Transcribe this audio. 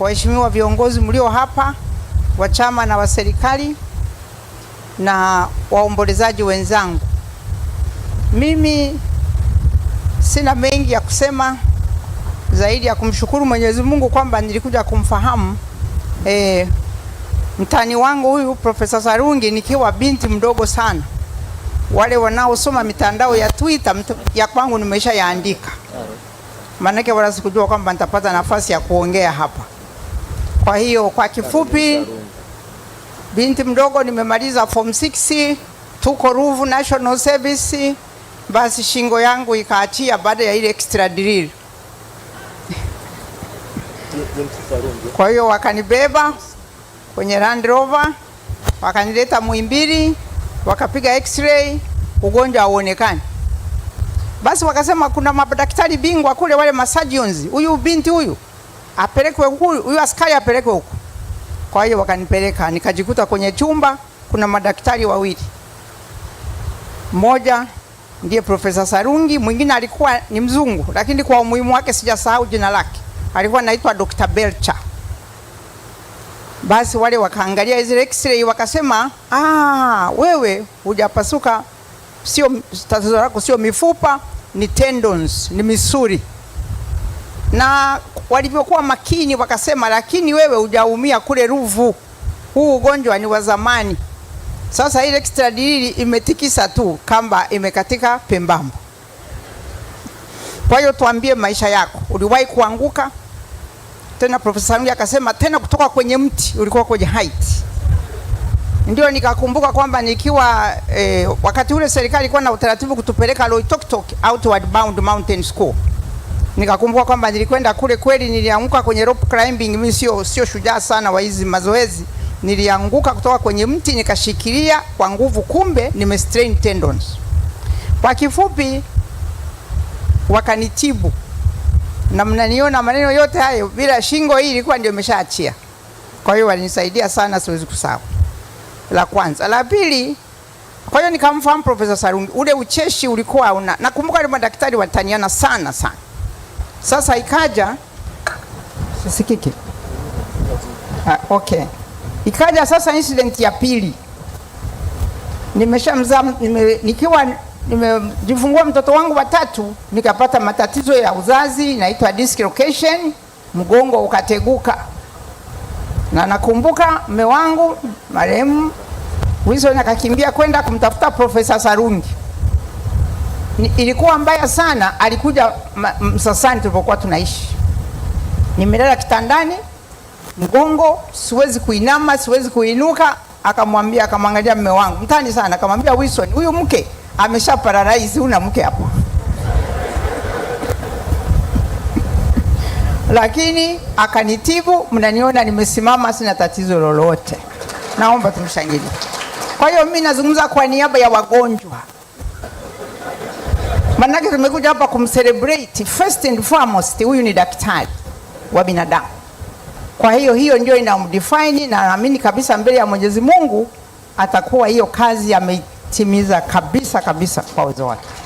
waheshimiwa viongozi mlio hapa wa chama na wa serikali na waombolezaji wenzangu, mimi sina mengi ya kusema zaidi ya kumshukuru Mwenyezi Mungu kwamba nilikuja kumfahamu e, mtani wangu huyu Profesa Sarungi nikiwa binti mdogo sana. Wale wanaosoma mitandao ya Twitter ya kwangu nimesha yaandika, maanake wala sikujua kwamba nitapata nafasi ya kuongea hapa. Kwa hiyo kwa kifupi, binti mdogo nimemaliza form 6, tuko Ruvu National Service. Basi shingo yangu ikaatia baada ya ile extra drill. Kwa hiyo wakanibeba kwenye Land Rover wakanileta Muhimbili, wakapiga x-ray, ugonjwa hauonekani. Basi wakasema kuna madaktari bingwa kule, wale masurgeons, huyu binti huyu apelekwe huyu, huyu askari apelekwe huko. Kwa hiyo wakanipeleka, nikajikuta kwenye chumba, kuna madaktari wawili, mmoja ndiye Profesa Sarungi, mwingine alikuwa ni mzungu, lakini kwa umuhimu wake sijasahau jina lake, alikuwa anaitwa Dr. Belcha. Basi wale wakaangalia zile x-ray wakasema, ah, wewe hujapasuka, sio tatizo lako, sio mifupa, ni tendons, ni misuli na walivyokuwa makini wakasema, lakini wewe hujaumia kule Ruvu, huu ugonjwa ni wa zamani. Sasa ile extra dilili imetikisa tu, kamba imekatika pembamba. Kwa hiyo tuambie maisha yako, uliwahi kuanguka? Tena Profesa Nuli akasema tena kutoka kwenye mti, ulikuwa kwenye height. Ndio nikakumbuka kwamba nikiwa eh, wakati ule serikali ilikuwa na utaratibu kutupeleka Loitoktok outward bound mountain school nikakumbuka kwamba nilikwenda kule kweli, nilianguka kwenye rope climbing. Mimi sio sio shujaa sana wa hizi mazoezi, nilianguka kutoka kwenye mti nikashikilia kwa nguvu, kumbe nime strain tendons. Kwa kifupi, wakanitibu na mnaniona maneno yote hayo bila shingo hii ilikuwa ndio imeshaachia. Kwa hiyo walinisaidia sana, siwezi kusahau. La kwanza, la pili. Kwa hiyo nikamfahamu Profesa Sarungi, ule ucheshi ulikuwa una, nakumbuka wale madaktari wataniana sana sana sasa ikaja sisikiki. Ah, okay. Ikaja sasa incident ya pili, nimeshamzaa nime, nikiwa nimejifungua mtoto wangu watatu, nikapata matatizo ya uzazi inaitwa dislocation, mgongo ukateguka, na nakumbuka mme wangu marehemu Wilson akakimbia kwenda kumtafuta Profesa Sarungi ilikuwa mbaya sana. Alikuja Msasani tulipokuwa tunaishi, nimelala kitandani, mgongo siwezi kuinama, siwezi kuinuka. Akamwambia, akamwangalia mme wangu mtani sana, akamwambia Wilson, huyu mke amesha paralaizi, una mke hapo. Lakini akanitibu, mnaniona nimesimama, sina tatizo lolote. Naomba tumshangilie. Kwa hiyo mimi nazungumza kwa niaba ya wagonjwa Manake tumekuja hapa kumcelebrate first and foremost, huyu ni daktari wa binadamu. Kwa hiyo hiyo ndio inamdefine, na naamini kabisa mbele ya Mwenyezi Mungu atakuwa hiyo kazi ameitimiza kabisa kabisa kwa uwezo wake.